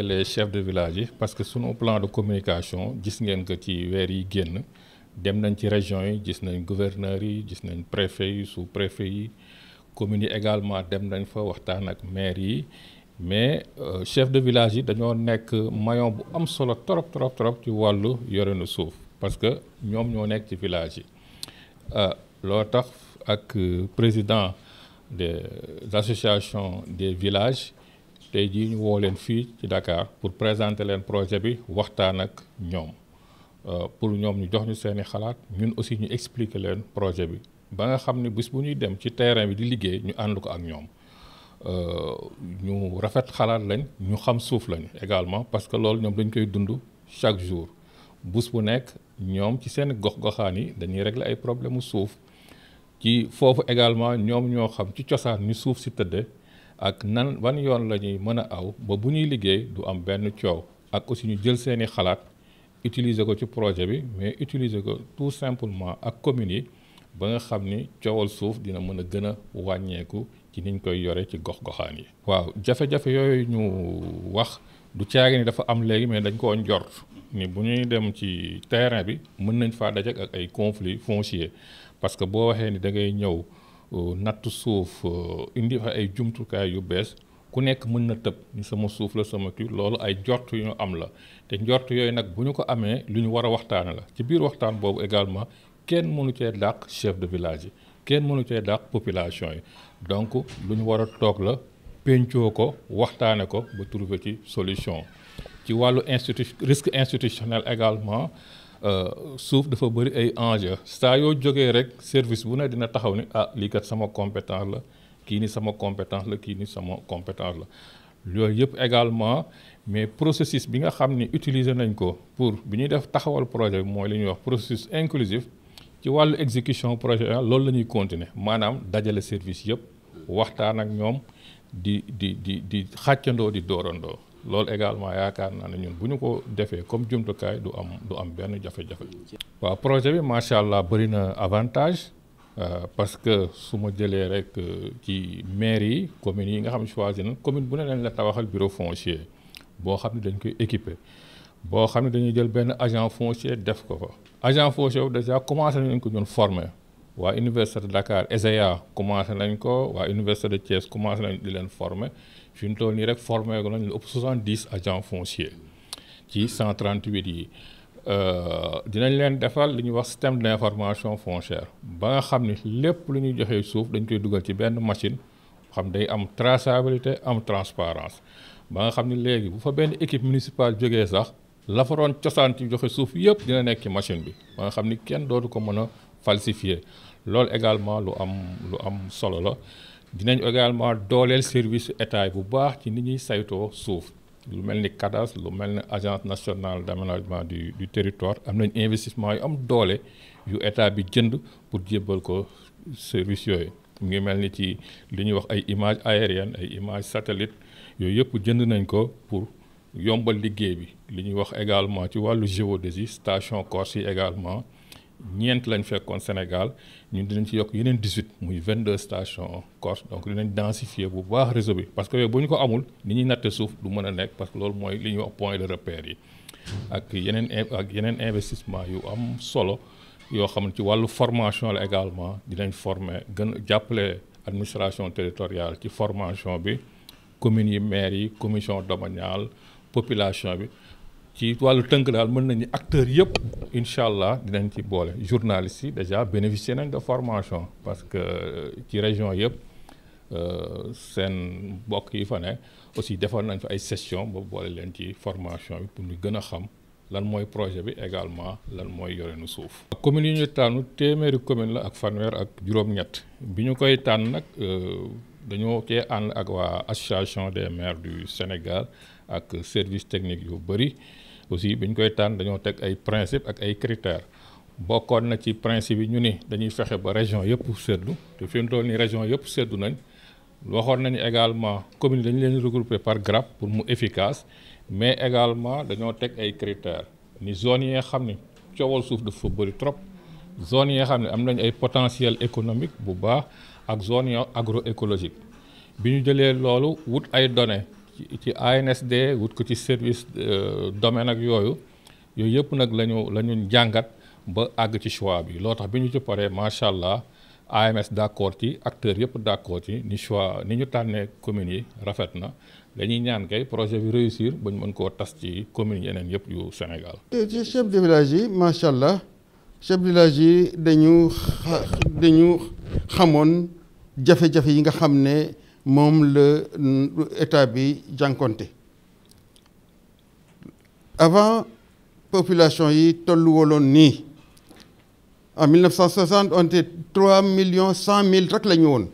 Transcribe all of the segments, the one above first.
les chefs de village yi parce que sunu plan de communication gis ngeen ko ci weer yi génn dem nañ ci région yi gis nañ gouverneurs yi gis nañ préfet yi sous préfet yi communes yi également dem nañ fa waxtaan ak maire yi mais euh, chef de village yi dañoo nekk mayon bu am solo trop trop trop ci wàllu yorenu suuf parce que ñoom ñoo nekk ci village yi euh, loolu tax ak euh, président des association des village tey jii ñu woo leen fii ci Dakar pour présenter leen projet bi waxtaan ak ñoom euh, pour ñoom ñu jox ñu seeni xalaat ñun aussi ñu expliquer leen projet bi ba nga xam ne bis bu ñuy dem ci terrain bi di liggéey ñu ànd ko ak ñoom euh, ñu rafet xalaat lañ ñu xam suuf lañ également parce que loolu ñoom dañ koy dund chaque jour bus bu nekk ñoom ci seen gox goxaan yi dañuy régler ay problème mu suuf ci foofu également ñoom ñoo xam ci cosaan ñu suuf si tëdde ak nan wan yoon la ñuy mën a aw ba bu ñuy liggéey du am benn coow ak aussi ñu jël seeni xalaat utiliser ko ci projet bi mais utiliser ko tout simplement ak communes yi ba nga xam ni coowal suuf dina mën a gën a wàññeeku ci niñ koy yore ci gox-goxaan yi. waaw jafe-jafe yooyu ñu wax du caagi ni dafa am léegi mais dañ koo njort. ni bu ñuy dem ci terrain bi mën nañ faa dajek ak ay conflits foncier parce que boo waxee ni da ngay ñëw euh, natt suuf euh, indi fa ay jumtukaay yu bees ku nekk mën na tëb ni sama suuf la sama kii loolu ay jort yu ñu am la te njort yooyu nag bu ñu ko amee lu ñu war a waxtaane la ci biir waxtaan boobu également kenn mënu cee dàq chef de village yi kenn mënu cee dàq population yi donc lu ñu war a toog la péncoo ko waxtaane ko ba trouver ci solution ci wàllu institu risque institutionnel également euh, suuf dafa bëri ay enjeu saa yoo jógee rek service bu ne dina taxaw ni ah lii kat sama compétence la kii ni sama compétence la kii ni sama compétence la yooyu yëpp également mais processus bi nga xam ni utiliser nañ ko pour bi ñuy def taxawal projet bi mooy li ñuy wax processus inclusif ci wàllu exécution projet loolu la ñuy continuer maanaam dajale service yëpp waxtaan ak ñoom di di di di xàccandoo di doorandoo loolu également yaakaar naa ne ñun bu ñu ko defee comme jumtukaay du am du am benn jafe-jafe. waaw projet bi macha allah bëri na avantage euh, parce que su ma jëlee rek euh, ci maire yi communes yi nga xam ne choisir na commune bu ne leen la tabaxal bureau foncier boo xam ne dañ koy équiper boo xam ne dañuy jël benn agent foncier def ko fa agent foncier déjà commencé nañ ko ñun former. waa université de Dakar ESEA commencé nañ ko waa université de Thiès commencé nañ di leen former fi mu toll nii rek formé ko nañ lu ëpp 70 agents foncier ci cent 138 yi euh, dinañ leen defal li ñuy wax système d' information foncière ba nga xam ni lépp lu ñuy joxee suuf dañ koy dugal ci benn machine xam day am traçabilité am transparence ba nga xam ni léegi bu fa benn équipe municipale jógee sax la fa doon cosaan ci joxe suuf yëpp dina nekk ci machine bi ba nga xam ni kenn dootu ko mën a falsifier loolu également lu am lu am solo la dinañ également dooleel service état bu baax ci ni ñuy saytoo suuf lu mel ni cadastre lu mel ni agence nationale d'aménagement du du territoire am nañ investissement yu am doole yu état bi jënd pour jébbal ko service yooyu mu ngi mel ni ci li ñuy wax ay images aériennes ay images satellites yooyu yëpp jënd nañ ko pour. yombal liggéey bi li ñuy wax également ci wàllu géodésie station Corse yi également ñeent lañ fekkoon Sénégal ñun dinañ ci yokk yeneen 18 muy 22 station Corse donc dinañ densifier bu baax réseau bi parce que yooyu bu ñu ko amul ni ñuy natte suuf du mën a nekk parce que loolu mooy li ñu wax point de repère yi ak yeneen ak yeneen investissement yu am solo yoo xam ne ci wàllu formation la également dinañ former gën a jàppale administration territoriale ci formation bi communes yi maires yi commission domaniale population bi ci wàllu tënk daal mën nañu acteurs yëpp incha allah dinañ ci boole journalistes yi déjà bénéficier nañ de formation parce que euh, ci région yëpp euh, seen mbokk yi fa ne aussi defoon nañ fa ay session ba boole leen ci formation bi pour ñu gën a xam lan mooy projet bi également lan mooy yorenu suuf. commune yi ñu tànn téeméeri commune la ak fanweer ak juróom-ñett bi ñu koy tànn nag. Euh, dañoo cee ànd ak waa association des maires du Sénégal ak service technique yu bëri aussi bi koy tànn dañoo teg ay principe ak ay critères bokkoon na ci principe yi ñu ni dañuy fexe ba région yëpp seddu te fi mu toll nii région yëpp seddu nañ waxoon nañu également commune dañu leen regrouper par grappe pour mu efficace mais également dañoo teg ay critères ni zone yi nga xam ne coowal suuf dafa bëri trop zone yi nga xam ne am nañ ay potentiel économique bu baax ak zone yo écologique bi ñu jëlee loolu wut ay données ci ANSD wut ko ci service euh, domaine ak yooyu yooyu yëpp nag la ñu la ñu jàngat ba àgg ci choix bi loo tax bi ñu ci paree macha allah AMS d' accord ci acteurs yëpp d' accord ci ni choix ni ñu tànnee communes yi rafet na dañuy ñaan kay projet bi réussir ba ñu mën koo tas ci communes yeneen yëpp yu Sénégal. ci chef de village yi macha allah. chef de yi dañu dañu xamoon jafe-jafe yi nga xam ne moom la état bi jànkonte avant population yi tollu woloon nii en 1960 on était 3 millions cent mille rek la ñu woon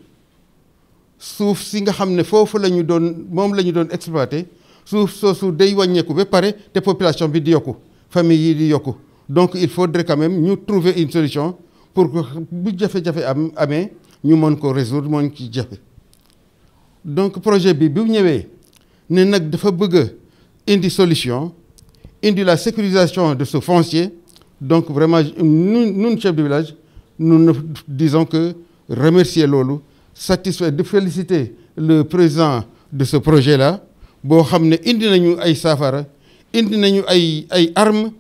suuf si nga xam ne foofu la ñu doon moom la ñu doon exploité suuf soosu day wàññeeku ba pare te population bi di yokku famille yi di yokku donc il faudrait quand même ñu trouver une solution pour que bu jafe-jafe am amee ñu mën ko résoudre mën ci jafe donc projet bi bu ñëwee ne nag dafa bëgg indi solution indi la sécurisation de ce foncier donc vraiment ñun ñun chef de village nous ne disons que remercier loolu satisfait de féliciter le président de ce projet la boo xam ne indi nañu ay saafara indi nañu ay ay armes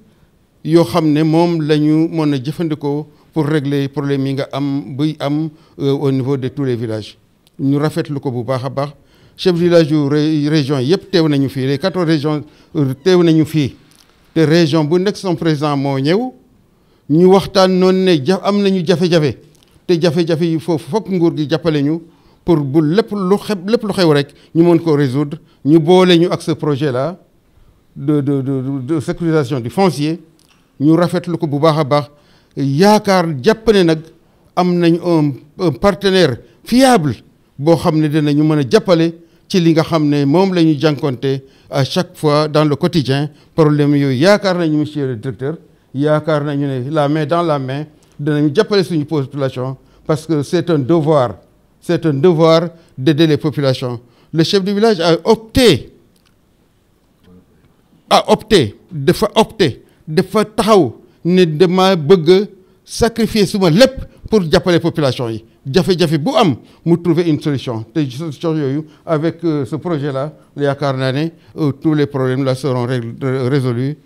yoo xam ne moom la ñu mën a jëfandikoo pour régler problème yi nga am buy am euh, au niveau de tous les villages ñu rafetlu ko bu baax a baax chef du village yu région yëpp teew nañu fii les quatorze régions euh, teew nañu fii te région bu nekk son président moo ñëw ñu waxtaan noon ne ja am nañu jafe-jafe te jafe-jafe yi foofu fokk nguur gi jàppale ñu pour bu lépp lu xew lépp lu xew rek ñu mën ko résoudre ñu boole ñu ak ce projet la de de de sécurisation du foncier ñu rafetlu ko bu baax a baax yaakaar jàpp nag am nañ un partenaire fiable boo xam ne dinañu mën a jàppale ci li nga xam ne moom la ñu jànkonte à chaque fois dans le quotidien problème yooyu yaakaar nañu monsieur le directeur yaakaar nañu ne la main dans la main danañu jàppale suñu population parce que c'est un devoir c'est un devoir d'aider les populations le chef du village a opté a opté dafa opté dafa taxaw ne dama bëgg sacrifier suma lépp pour jàppale population yi jafe-jafe bu am mu trouver une solution te solution yooyu avec euh, ce projet la yaakaar naa ne euh, tous les problèmes la là seront résolus